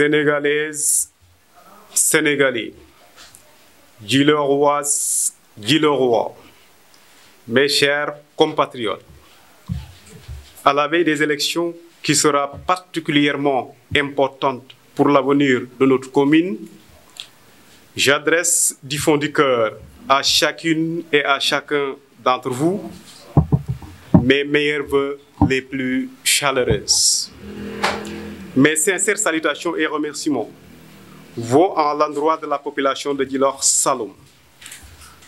Sénégalaises, Sénégalais, Giloroises, Gilorois, mes chers compatriotes, à la veille des élections qui sera particulièrement importante pour l'avenir de notre commune, j'adresse du fond du cœur à chacune et à chacun d'entre vous mes meilleurs vœux les plus chaleureux. Mes sincères salutations et remerciements vont en l'endroit de la population de Djilor Saloum.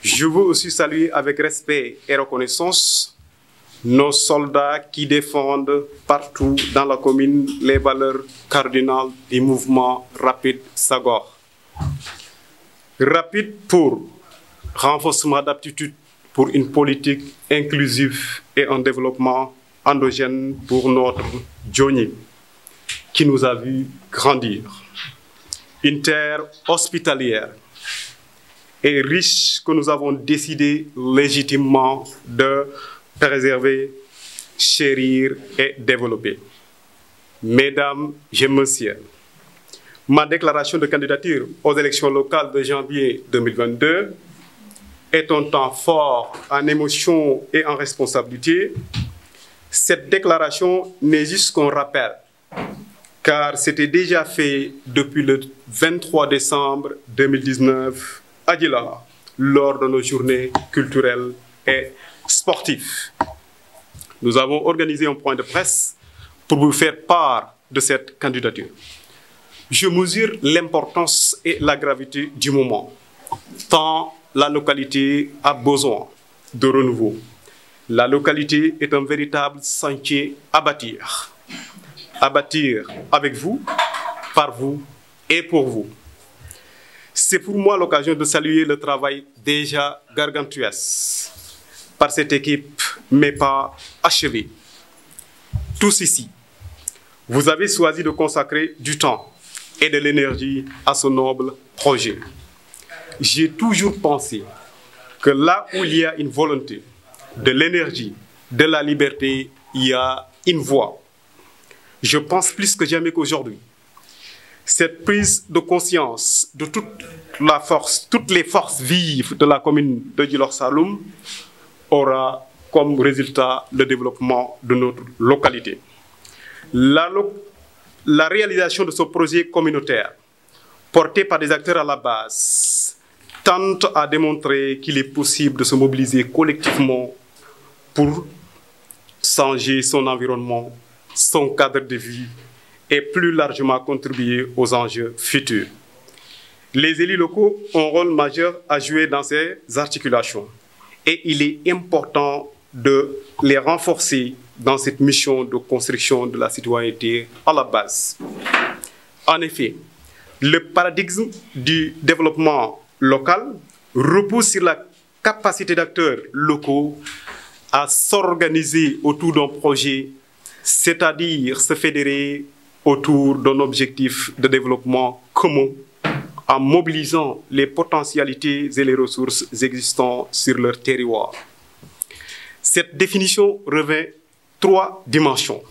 Je veux aussi saluer avec respect et reconnaissance nos soldats qui défendent partout dans la commune les valeurs cardinales du mouvement Rapide Sagor. Rapide pour renforcement d'aptitude pour une politique inclusive et un développement endogène pour notre qui nous a vu grandir. Une terre hospitalière et riche que nous avons décidé légitimement de préserver, chérir et développer. Mesdames et messieurs, ma déclaration de candidature aux élections locales de janvier 2022 est un temps fort en émotion et en responsabilité. Cette déclaration n'est juste qu'un rappel car c'était déjà fait depuis le 23 décembre 2019 à Djila lors de nos journées culturelles et sportives. Nous avons organisé un point de presse pour vous faire part de cette candidature. Je mesure l'importance et la gravité du moment, tant la localité a besoin de renouveau. La localité est un véritable sentier à bâtir à bâtir avec vous, par vous et pour vous. C'est pour moi l'occasion de saluer le travail déjà gargantuesque par cette équipe, mais pas achevé. Tous ici, vous avez choisi de consacrer du temps et de l'énergie à ce noble projet. J'ai toujours pensé que là où il y a une volonté, de l'énergie, de la liberté, il y a une voie. Je pense plus que jamais qu'aujourd'hui, cette prise de conscience de toute la force, toutes les forces vives de la commune de Djilor-Saloum aura comme résultat le développement de notre localité. La, la réalisation de ce projet communautaire, porté par des acteurs à la base, tente à démontrer qu'il est possible de se mobiliser collectivement pour changer son environnement son cadre de vie et plus largement contribuer aux enjeux futurs. Les élus locaux ont un rôle majeur à jouer dans ces articulations et il est important de les renforcer dans cette mission de construction de la citoyenneté à la base. En effet, le paradigme du développement local repose sur la capacité d'acteurs locaux à s'organiser autour d'un projet c'est-à-dire se fédérer autour d'un objectif de développement commun en mobilisant les potentialités et les ressources existantes sur leur territoire. Cette définition revêt trois dimensions.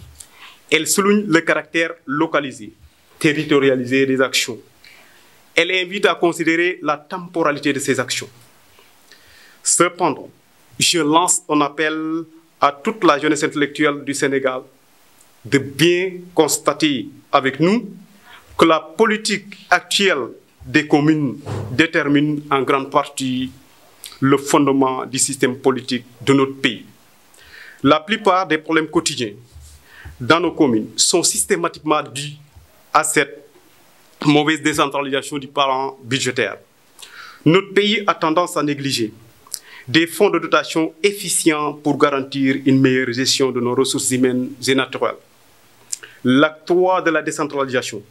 Elle souligne le caractère localisé, territorialisé des actions. Elle invite à considérer la temporalité de ces actions. Cependant, je lance un appel à toute la jeunesse intellectuelle du Sénégal de bien constater avec nous que la politique actuelle des communes détermine en grande partie le fondement du système politique de notre pays. La plupart des problèmes quotidiens dans nos communes sont systématiquement dus à cette mauvaise décentralisation du parent budgétaire. Notre pays a tendance à négliger des fonds de dotation efficients pour garantir une meilleure gestion de nos ressources humaines et L'acte 3 de la décentralisation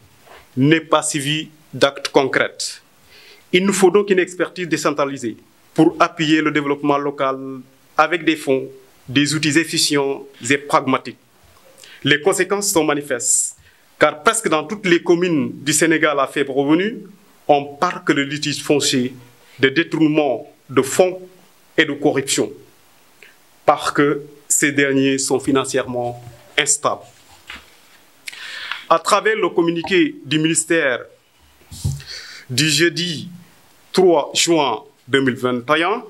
n'est pas suivi d'actes concrets. Il nous faut donc une expertise décentralisée pour appuyer le développement local avec des fonds, des outils efficients et pragmatiques. Les conséquences sont manifestes, car presque dans toutes les communes du Sénégal à faible revenu, on parle que de litiges fonciers, de détournement de fonds et de corruption, parce que ces derniers sont financièrement instables. à travers le communiqué du ministère du jeudi 3 juin 2021,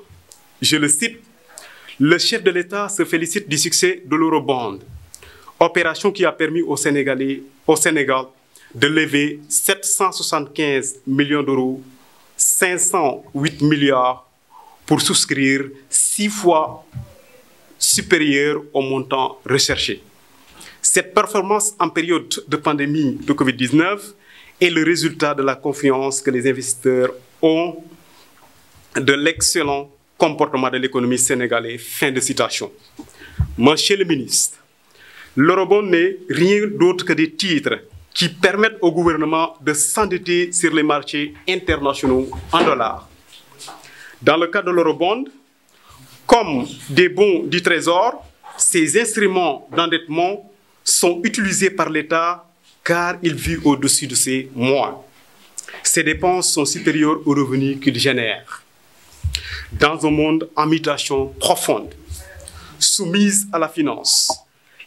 je le cite, le chef de l'État se félicite du succès de l'Eurobond, opération qui a permis aux Sénégalais, Sénégal de lever 775 millions d'euros, 508 milliards pour souscrire six fois supérieur au montant Cette performance en période de pandémie de Covid-19 est le résultat de la confiance que les investisseurs ont de l'excellent comportement de l'économie sénégalaise. Fin de citation. Monsieur le ministre, l'eurobond n'est rien d'autre que des titres qui permettent au gouvernement de s'endetter sur les marchés internationaux en dollars. Dans le cas de l'eurobond, comme des bons du trésor, ces instruments d'endettement sont utilisés par l'État car il vit au-dessus de ses moyens. Ces dépenses sont supérieures aux revenus qu'il génère. Dans un monde en mutation profonde, soumise à la finance,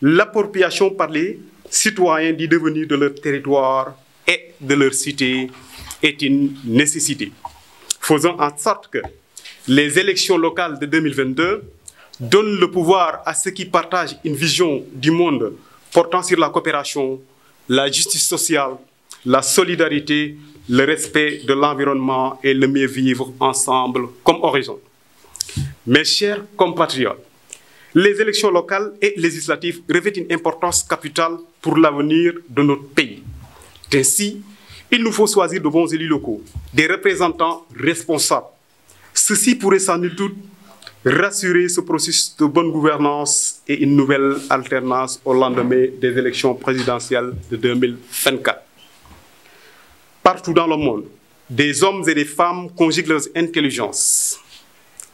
l'appropriation par les citoyens du devenir de leur territoire et de leur cité est une nécessité, faisant en sorte que les élections locales de 2022 donnent le pouvoir à ceux qui partagent une vision du monde portant sur la coopération, la justice sociale, la solidarité, le respect de l'environnement et le mieux vivre ensemble comme horizon. Mes chers compatriotes, les élections locales et législatives revêtent une importance capitale pour l'avenir de notre pays. Ainsi, il nous faut choisir de bons élus locaux, des représentants responsables. Ceci pourrait sans nul doute rassurer ce processus de bonne gouvernance et une nouvelle alternance au lendemain des élections présidentielles de 2024. Partout dans le monde, des hommes et des femmes conjuguent leurs intelligences,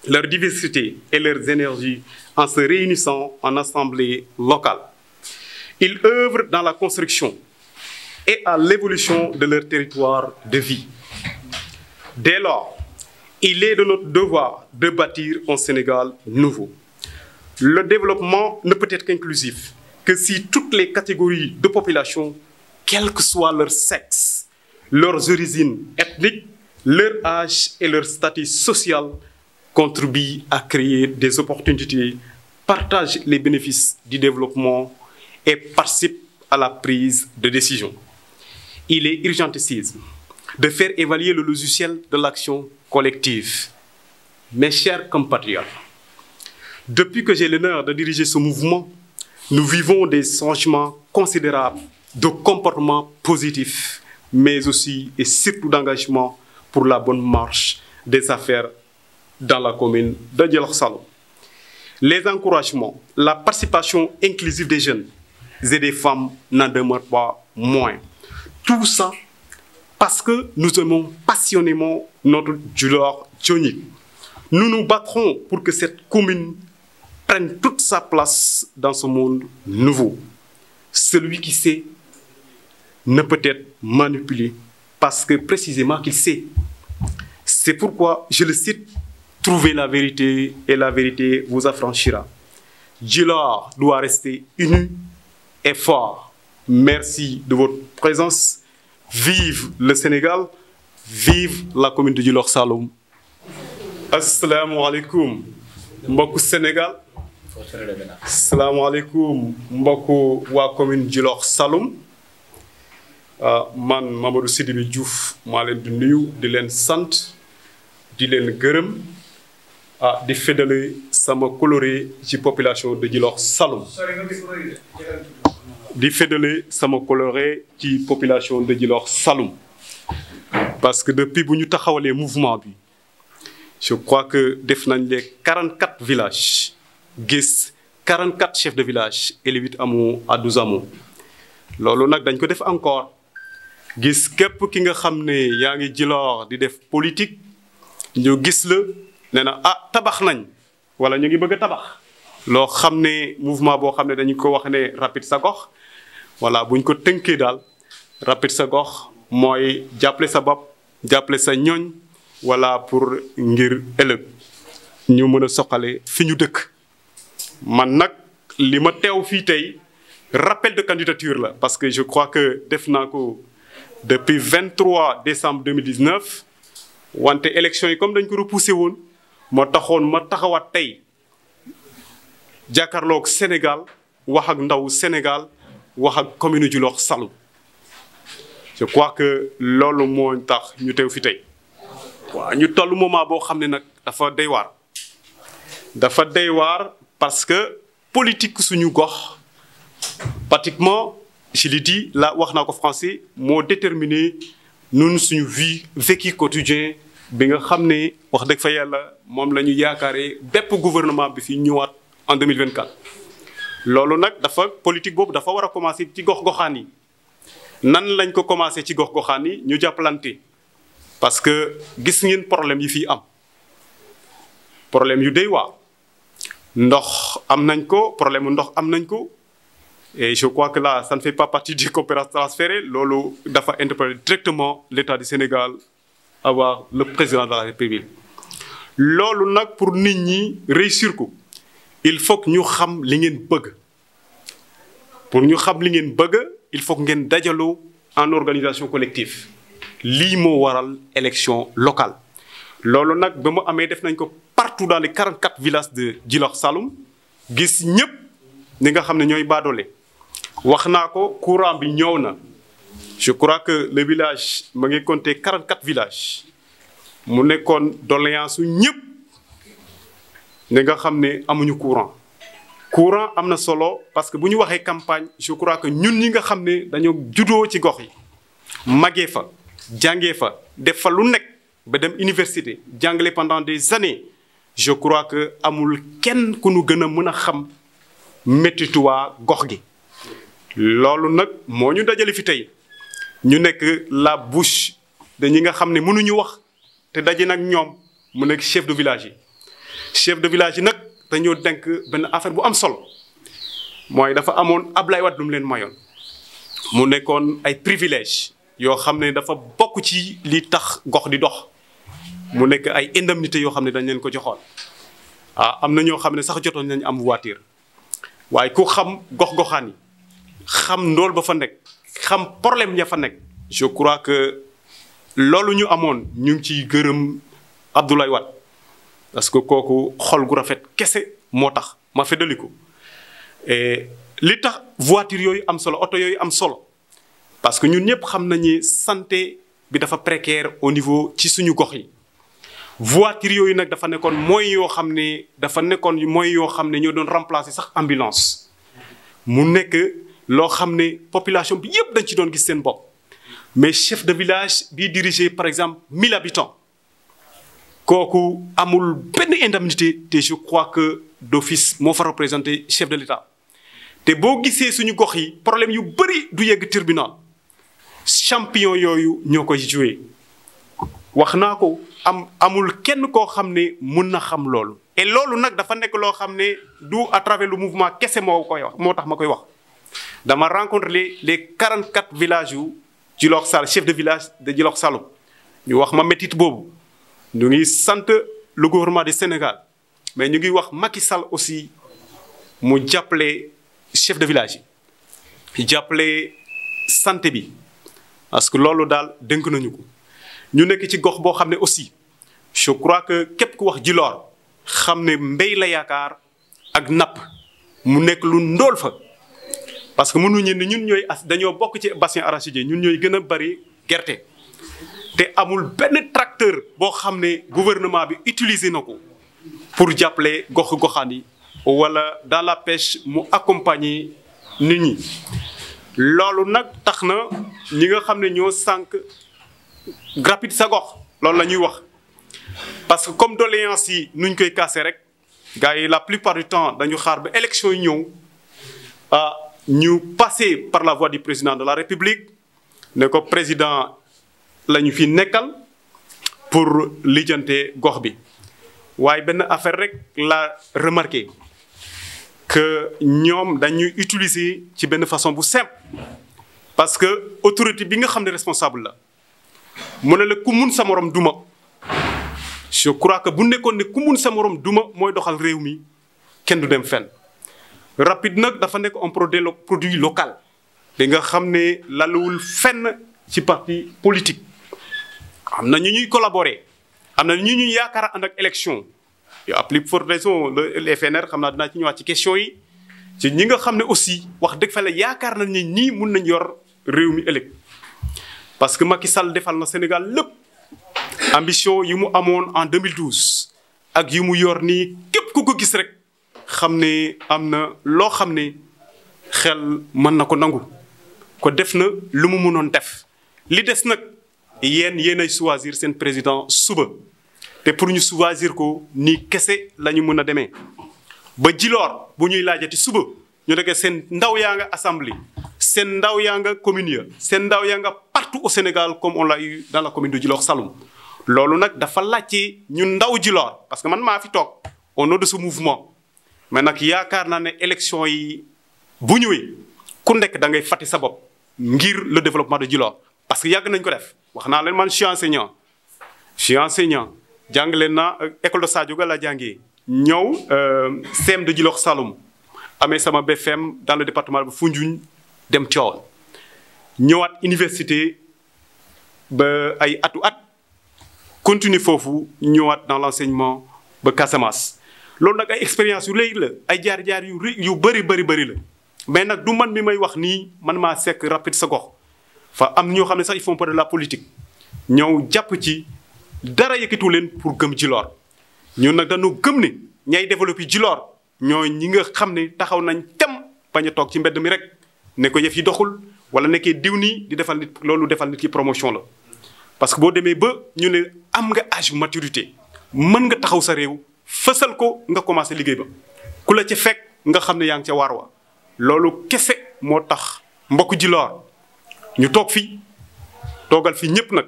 leur diversité et leurs énergies en se réunissant en assemblée locale. Ils œuvrent dans la construction et à l'évolution de leur territoire de vie. Dès lors, Il est de notre devoir de bâtir un Sénégal nouveau. Le développement ne peut être qu'inclusif que si toutes les catégories de population, quel que soit leur sexe, leurs origines ethniques, leur âge et leur statut social, contribuent à créer des opportunités, partagent les bénéfices du développement et participent à la prise de décision. Il est urgentissime de faire évaluer le logiciel de l'action collective. Mes chers compatriotes, depuis que j'ai l'honneur de diriger ce mouvement, nous vivons des changements considérables de comportements positifs, mais aussi et surtout d'engagement pour la bonne marche des affaires dans la commune de Djelaksalo. Les encouragements, la participation inclusive des jeunes et des femmes n'en demeurent pas moins. Tout ça parce que nous aimons passionnément notre Djulor Djoni. Nous nous battrons pour que cette commune prenne toute sa place dans ce monde nouveau. Celui qui sait ne peut être manipulé parce que précisément qu'il sait. C'est pourquoi, je le cite, Trouvez la vérité et la vérité vous affranchira. Djulor doit rester uni et fort. Merci de votre présence. Vive le Sénégal, vive la commune de Djilor Saloum. asalaamualeykum mbokku Sénégal asalaamualeykum mbokku waa commune Djilor salum ah, man Mamadou Sidibé juuf maa leen di nuyu di leen sant di leen gërëm ah di fédale sama coloré ci population de Djilor salum di fédélé sama coloré ci population de Djilor Saloum parce que depuis bu ñu taxawalee mouvement bi je crois que def nañ quarante 44 village gis 44 chefs de village et les 8 hameaux à loolu nag dañ ko def encore gis képp ki nga xam ne yaa ngi Djilor di def politique ñu gis la nee na ah tabax nañ wala ñu ngi bëgg tabax loo xam ne mouvement boo xam ne dañ ko wax ne rapide sa gox voilà bu ñu ko tënkee daal rapide sa gox mooy jàppale sa bopp jàppale sa ñooñ voilà pour ngir ëllëg ñu mën a soqale fi ñu dëkk man nag li ma teew fii tey rappel de candidature la parce que je crois que def naa ko depuis 23 décembre 2019 wante élection yi comme dañ ko repoussé woon moo taxoon ma taxawaat tey jàkkaarloog Sénégal wax ak ndaw Sénégal wax ak commune Djilor Saloum je crois que loolu moo tax ñu teew fi tey waa ñu toll moment boo xam ne nag dafa day waar dafa day waar parce que politique suñu gox pratiquement je l'ai dit la wax naa ko français moo déterminé nun suñu vie vécu quotidien bi nga xam ne wax dëgg fa yàlla moom la ñu yaakaaree bépp gouvernement bi fi ñëwaat en 2024 loolu nag dafa politique boobu dafa war a commencer ci gox-goxaan nan lañ ko commencer ci gox-goxaan yi ñu jàppalante parce que gis ngeen problème yi fi am problème yu dey waa ndox am nañ ko problème mu ndox am nañ ko e je crois que là ça ne fait pas partie des coopérations transférées loolu dafa interpeller directement l'État du Sénégal avoir le président de la République loolu nag pour nit ñi réussir ko il faut ñu xam li ngeen bëgg pour ñu xam li ngeen bëgg il faut ngeen dajaloo en organisation collective lii moo waral élection locale. loolu nag ba mu amee def nañ ko partout dans les 44 villages de Djilor salum gis ñëpp ni nga xam ne ñooy baadoole wax naa ko courant bi ñëw na. je crois que le village ma ngi compté 44 mu nekkoon doléance su ñëpp. ne nga xam ne amuñu courant courant am na solo parce que bu ñu waxee campagne je crois que ñun ñi nga xam ne dañoo juddoo ci gox yi màggee fa jànge fa def lu nekk ba dem université jàngale pendant des années je crois que amul kenn ku nu gën a mën a xam méttitu waa gox gi loolu nag moo ñu dajale fi tey ñu nekk la bouche de nga xam ne mënuñu wax te daje nag ñoom mu nekk chef de village yi chef de village yi nag dañoo denk benn affaire bu am solo mooy dafa amoon Ablaye Wade lu leen mayoon mu nekkoon ay privilège yoo xam ne dafa bokk ci li tax gox di dox mu nekk ay indemnité yoo xam ne dañ leen ko joxoon ah am na ñoo xam ne sax jotoon nañ am voiture waaye ku xam gox goxaani xam ndool ba fa nekk xam problème ya fa nekk je crois que loolu ñu amoon ñu ngi ciy gërëm Abdoulaye wat parce que kooku xol gu rafet kese moo tax ma feddali ko li tax voiture yooyu am solo oto yooyu am solo parce que ñun ñëpp xam nañu santé bi dafa précaire au niveau ci suñu gox yi. voiture yooyu nag dafa nekkoon mooy yoo xam ne dafa nekkoon mooy yoo xam ne ñoo doon remplacer sax ambulance mu nekk loo xam ne population bi yëpp dañ ci doon gis seen bopp mais chef de village bi dirigé par exemple 1000 habitants. kooku amul benn indemnité te je crois que d'office moo fa représenté chef de l'État te boo gisee suñu gox yi problème yu bëri du yegg tribunal champion yooyu ñoo koy joué wax naa ko am amul kenn koo xam ne mun na xam loolu et loolu nag dafa nekk loo xam ne du à travers le mouvement kese moo koy wax moo tax ma koy wax dama rencontré les 44 villages yu Djilor Saloum chef de village de Djilor Saloum ñu wax ma métit boobu ñu ngi sant lu gouvernement de Sénégal mais ñu ngi wax Macky Sall aussi mu jàppale chef de village yi jàppale santé bi parce que loolu daal dénk nañu ko ñu nekk ci gox boo xam ne aussi je crois que képp ku wax Djilor xam ne mbéy la yaakaar ak napp mu nekk lu ndool fa parce que mënuñu ne ñun ñooy as dañoo bokk ci bassin arachidier ñun ñooy gën a bari gerte te amul benn tracteur boo xam ne gouvernement bi utiliser na ko pour jàppale gox goxaan yi wala dans la pêche mu accompagner nit ñi loolu nag tax na ñi nga xam ne ñoo sànq rapide sa gox loolu la ñuy wax parce que comme doléance yi nuñ koy kaase rek gars yi la plupart du temps dañu xaar ba élection yi ñëw ah ñu passé par la voix du président de la république ne ko président lañu fi nekkal pour lijjante gox bi waaye benn affaire rek la remarqué que ñoom dañuy utiliser ci benn façon bu simple parce que autorité bi nga xam ne responsable la mu ne la ku mun sa morom duma je crois que bu nekkoon ne ku mun sa moroom duma mooy doxal réew mi kenn du dem fenn rapide nag dafa nekk un produit produit local. di nga xam ne laluwul fenn ci parti politique. am na ñu ñuy collaborer am na ñu ñuy yaakaar ànd ak élection yo à plus forte raison le FNR xam na dinaa ci ñëwaat ci question yi ci ñi nga xam ne aussi wax dëgg fa la yaakaar nañ ni ñii mun nañ yor réew mi ëllëg parce que Macky Sall defal na Sénégal lépp ambition yi mu amoon en 2012 ak yi mu yor nii képp ku ko gis rek xam ne am na loo xam ne xel mën na ko nangu ko def na lu mu mënoon def li des nag. yéen yéen ay choisir seen président suba te pour ñu choisir ko nii kese la ñu mën a demee ba jiloor bu ñuy laajati suba ñu nekk seen ndaw yaa nga assemblée seen ndaw yaa nga commune ya ndaw yaa nga partout au Sénégal comme on l'a eu commune de Djilor Saloum loolu nag dafa laajte ñu ndaw Djilor parce que man maa fi toog au nom de ce mouvement mais nag yaakaar naa ne élection yi bu ñëwee ku nekk da ngay fàtte sa bopp ngir le développement de Djilor parce que yàgg nañ ko def wax naa leen man je suis enseignant je enseignant jàng leen naa euh, école de Sadio Ga laa jàngee ñëw euh, CEM de Djilor Saloum amee sama BFM dans le département bu Foundiougne dem Tivaouane ñëwaat université ba ay atu at continue foofu ñëwaat dans l'enseignement ba Casamance loolu nag ay expérience yu léegi la ay jaar-jaar yu yu bëri bëri bëri la mais nag du man mi may wax nii man maa sekk rapide sa gox fa am ñoo xam ne sax ils font de la politique ñëw jàpp ci dara yëkkatu leen pour gëm Djilor ñun nag dañu gëm ne ñay développé Djilor ñoo ñi nga xam ne taxaw nañ tam bañ a toog ci mbedd mi rek ne ko yëf yi doxul wala nekkee diw nii di defal nit loolu defal nit ki promotion la. parce que boo demee ba ñu ne am nga âge maturité mën nga taxaw sa réew fësal ko nga commencé liggéey ba ku la ci fekk nga xam ne yaa ngi ca waar wa loolu kese moo tax mbokk Djilor ñu toog fii toogal fii ñëpp nag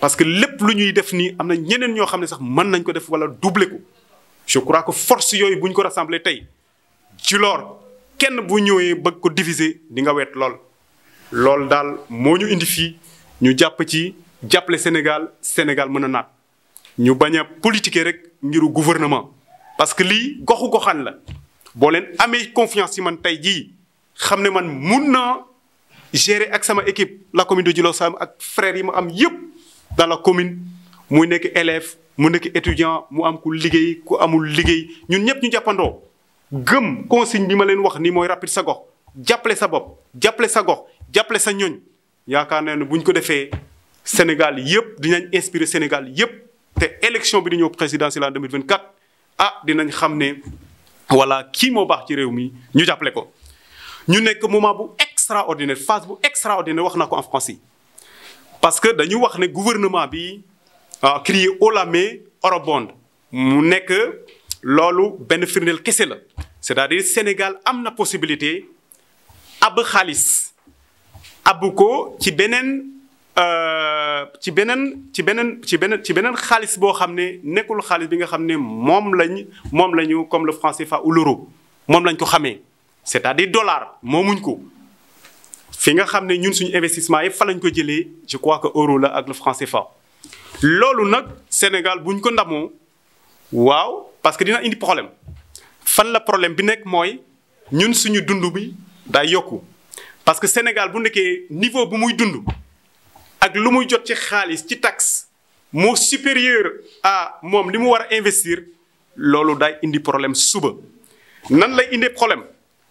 parce que lépp lu ñuy def nii am na ñeneen ñoo xam ne sax mën nañ ko def wala doubler ko je crois que force yooyu bu ñu ko rassembler tey ci loor kenn bu ñëwee bag ko diviser di nga weet lool. loolu daal moo ñu indi fii ñu jàpp ci jàppale Sénégal Sénégal mën a naat ñu bañ a politiquer rek ngiru gouvernement parce que lii goxu goxaan la boo leen amee confiance yi man tey jii xam ne man mun naa. gérer ak sama équipe la commune de Djilor Sam ak frères yi ma am yëpp dans la commune muy nekk élève mu nekk étudiant mu am ku liggéey ku amul liggéey ñun ñëpp ñu jàppandoo gëm consigne bi ma leen wax ni mooy rapide sa gox jàppale sa bopp jàppale sa gox jàppale sa ñoñ yaakaar naa ne bu ñu ko defee Sénégal yëpp dinañ inspiré Sénégal yëpp te élection bi di ñëw présidentielle en 2024 ah dinañ xam ne voilà kii moo baax ci réew mi ñu jàppale ko extraordinaire phase bu extraordinaire wax na ko en français parce que dañu wax ne gouvernement bi créé haut la main eurobond mu nekk loolu benn firndeel kese la c'est-à-dire Sénégal am na possibilité ab xaalis abu ko ci beneen euh, ci beneen ci beneen ci beneen ci beneen xaalis boo xam ne nekkul xaalis bi nga xam ne moom lañ moom lañu comme le franc fa ou l'euro moom lañ ko xamee c'est-à-dire dollar moomuñ ko fi nga xam ne ñun suñu investissement yëpp fa lañ ko jëlee je crois que euro la ak le franc CFA loolu nag Sénégal buñ ko ndamoo waaw parce que dina indi problème fan la problème bi nekk mooy ñun suñu dund bi day yokku parce que Sénégal bu nekkee niveau bu muy dund ak lu muy jot ci xaalis ci taxe mu supérieur ah moom li mu war a investir loolu day indi problème suba nan la indee problème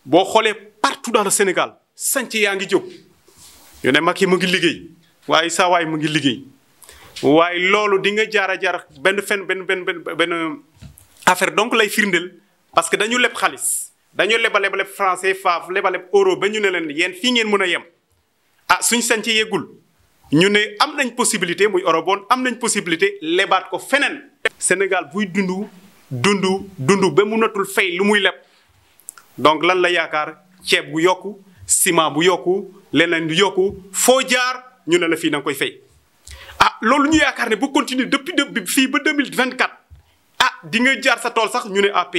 boo xoolee partout dans le Sénégal sanc yaa ngi jóg ñu ne mag yi mu ngi liggéey waaye saa mu ngi liggéey waaye loolu di nga jaar a jaar benn fen benn benn benn affaire donc lay firndeel parce que dañu leb xaalis dañu leba lebaleb français faaf lebaleb euro ba ñu ne leen yéen fii ngeen mun a yem ah suñ sanc yeggul ñu ne am nañ possibilité muy eurobond am nañ possibilité lebaat ko feneen Sénégal buy dundu dund dund ba mënatul fay lu muy leb donc lan la yaakaar ceeb gu yokku ciment bu yokku leneen du yokku foo jaar ñu ne la fii da koy fay. ah loolu ñu yaakaar ne bu continuer depuis de fii ba deux mille vingt quatre ah di nga jaar sa tool sax ñu ne à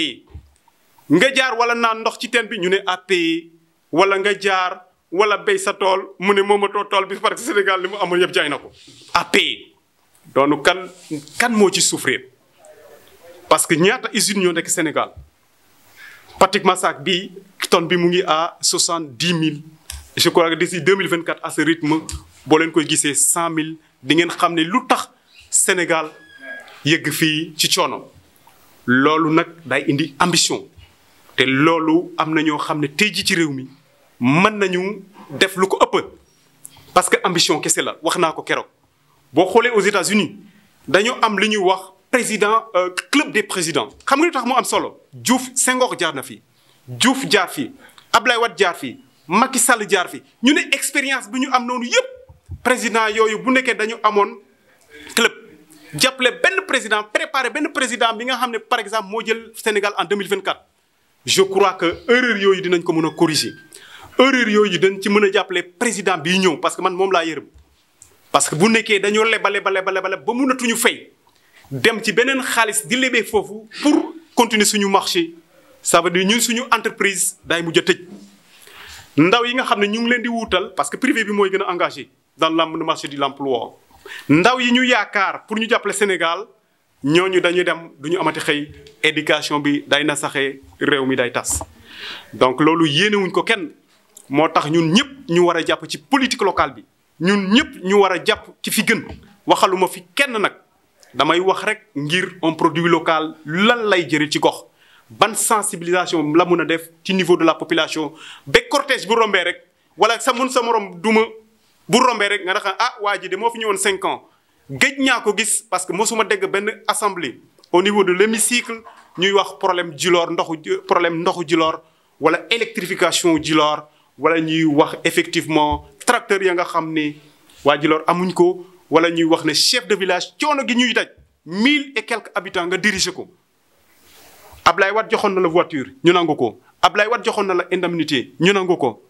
nga jaar wala naan ndox ci teen bi ñu ne à payer wala nga jaar wala béy sa tool mu ne moomatoo tool bi parce Sénégal li mu amoon yëpp jaay na ko à payer doonu kan kan moo ci souffrir parce que ñaata usines ñoo nekk Sénégal pratiquement saak bii. tonne bi mu ngi à soixante dix mille je crois que d'ici deux mille vingt quatre à ce rythme boo leen koy gisee cent di ngeen xam ne lu tax Sénégal yëgg fii ci coono loolu nag day indi ambition te loolu am na ñoo xam ne tey jii ci réew mi mën nañu def lu ko ëpp parce que ambition kese la wax naa ko keroog boo xoolee aux États-Unis dañoo am lu ñuy wax président euh, club des président xam nga li tax mu am solo Diouf Senghor jaar na fii. Diouf jaar fi Ablaye wat jaar fi Macky Sall jaar fi ñu ne expérience bi ñu am noonu yëpp président yooyu bu nekkee dañu amoon club jàppale benn président préparé benn président bi nga xam ne par exemple moo jël Sénégal en 2024 je crois que erreur yooyu dinañ ko mën a corriger erreur yooyu dañ ci mën a jàppale président bii ñëw parce que man moom laa yërëm parce que bu nekkee dañoo lebale bale bale bale ba mënatuñu fay dem ci beneen xaalis di lebee foofu pour continuer suñu marché ça veut ñu suñu entreprise day mujj a tëj ndaw yi nga xam ne ñu ngi leen di wuutal parce que privé bi mooy gën a engagé dans le marché de l'emploi ndaw yi ñu yaakaar pour ñu jàppale Sénégal ñooñu dañuy dem du ñu amati xëy éducation bi day na saxee réew mi day tas donc loolu yéenewuñ ko kenn moo tax ñun ñëpp ñu war a jàpp ci politique locale bi ñun ñëpp ñu war a jàpp ci fi gën waxaluma fi kenn nag damay wax rek ngir un produit local lan lay jëriñ ci gox ban sensibilisation la mun a def ci niveau de la population ba cortège bu rombee rek wala sa mun sa morom duma bu rombee rek nga daxa ah waa ji de fi ñëwoon cinq ans géej ñaa ko gis parce que mosuma dégg benn assemblée au niveau de l'hémicycle ñuy wax problème Djilor ndoxu problème ndoxu Djilor wala électrification Djilor wala ñuy wax effectivement tracteur ya nga xam ne waa Djilor amuñ ko wala ñuy wax ne chef de village coono gi ñuy daj mille et quelques habitants nga diriger ko Ablaye Wade joxoon na la voiture ñu nangu ko Ablaye Wade joxoon na la indemnité ñu nangu ko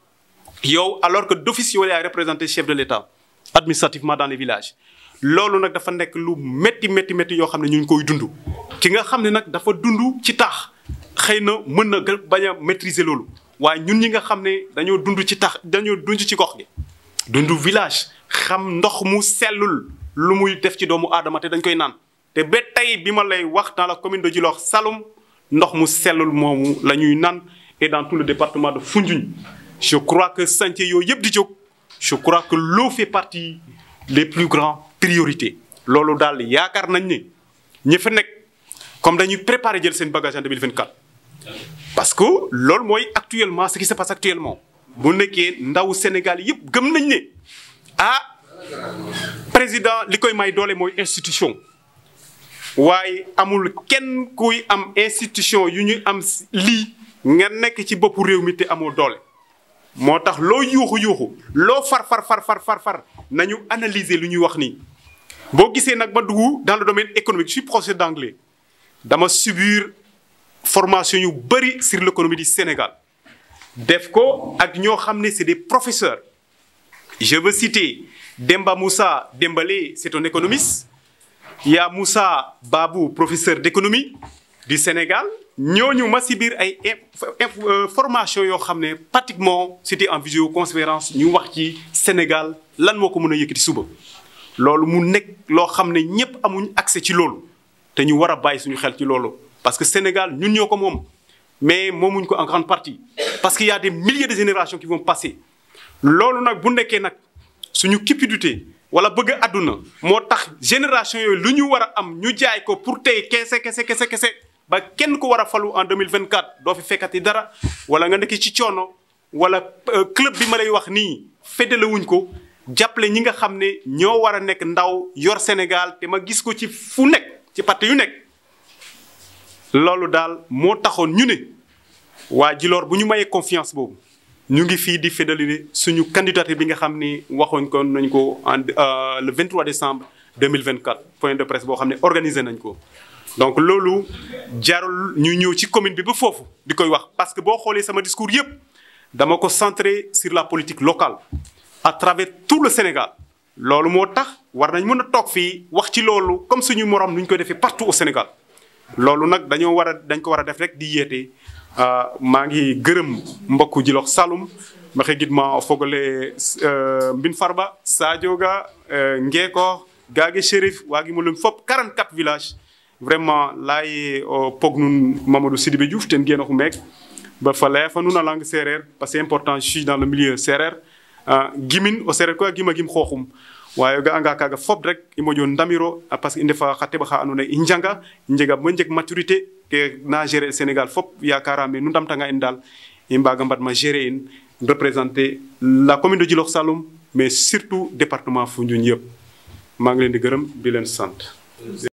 yow alors que d'office yow yaay représenté chef de l'État administrativement dans les villages loolu nag dafa nekk lu métti métti yoo xam ne ñu ngi koy dund ki nga xam ne nag dafa dund ci taax xëy na mën na bañ a maîtriser loolu waaye ñun ñi nga xam ne dañoo dund ci taax dañoo dund ci gox gi dund village xam ndox mu sellul lu muy def ci doomu aadama te dañ koy naan te ba tey bi ma lay wax dans la commune de Djilor Saloum ndox mu sellul moomu la ñuy nan et dans tout le département de Foundiougne je crois que chantier yooyu yëpp di jog je crois que l'eau fait partie des plus grandes priorités loolu daal yaakaar nañ ne ñi fa nekk comme dañuy préparer jël seen bagage en 2024 parce que loolu mooy actuellement ce qui se passe actuellement bu nekkee ndaw Sénégal yëpp gëm nañ ne ah président li koy may doole mooy institution waaye amul kenn kuy am institution yu ñuy am lii nga nekk ci boppu réew mi te amoo doole moo tax loo yuuxu yuuxu loo far far far far nañu analyser lu ñuy wax ni boo gisee nag ba dugg dans le domaine économique je projet professeur d'anglais dama subir formation yu bëri sur l'économie du Sénégal def ko ak ñoo xam ne c'est des professeurs je veux citer Demba Moussa Dembélé c'est un économiste il y a Moussa Babou professeur d'économie du Sénégal ñooñu ma si biir ay euh, formation yoo xam ne pratiquement c'était en visioconférence ñu wax ci Sénégal lan moo ko mën a yëkkati suba. loolu mu nekk loo xam ne ñëpp amuñ accès ci loolu te ñu war a bàyyi suñu xel ci loolu parce que Sénégal ñun ñoo ko moom mais moom muñ ko en grande partie parce qu'il y a des milliers de générations qui vont passer loolu nag bu nekkee nag suñu cupidité wala bëgg àdduna moo tax génération yooyu lu ñu war a am ñu jaay ko pour tey kese kese kese kese ba kenn ku war a falu en 2024 doo fi fekkati dara wala nga nekk ci coono wala euh, club bi ma lay wax nii fédéle ko jàppale ñi nga xam ne ñoo war a nekk ndaw yor Sénégal te ma gis ko ci fu nekk ci parti yu nekk loolu daal moo taxoon ñu ne waa jiloor bu ñu mayee confiance boobu ñu ngi fii di fédérer suñu candidature bi nga xam ni waxoon ko nañ ko en euh, le 23 décembre 2024 point de presse boo xam ne organisé nañ ko. donc loolu jarul ñu ñëw ci commune bi ba foofu di koy wax parce que boo xoolee sama discours yépp dama ko centré sur la politique locale à travers tout le Sénégal. loolu moo tax war nañ mën a toog fii wax ci loolu comme suñu morom nu ñu koy defee partout au Sénégal loolu nag dañoo war a dañ ko war a def rek di yeete. Euh, maa ngi gërëm mbokku Djilokh Saloum maxe gidma o fogole euh, mbin farba sadio ga euh, ngeekoox gaage chérif waagimo lum fop 44 village vraiment laaye o pog nun mamadou sidibé diouf ten geenoxu meek ba fa laya fa nuun a langue séeréer parce que important je suis dans le milieu séeréer gimin o séeréer koy a gim gim xooxum wawi ga anga kaga foof rek imoƴo ndamiro ah, par que i ndefa xa teɓa xa ando naye i njanga njega bo jeg maturité ke na gérer sénégal fop yakarame nu ndamtanga en dal i mbaga mbadma gérer in représenter la commune de Djilokh Saloum mais surtout département Foundiougne yëpp maa ngi leen di gërëm di leen sant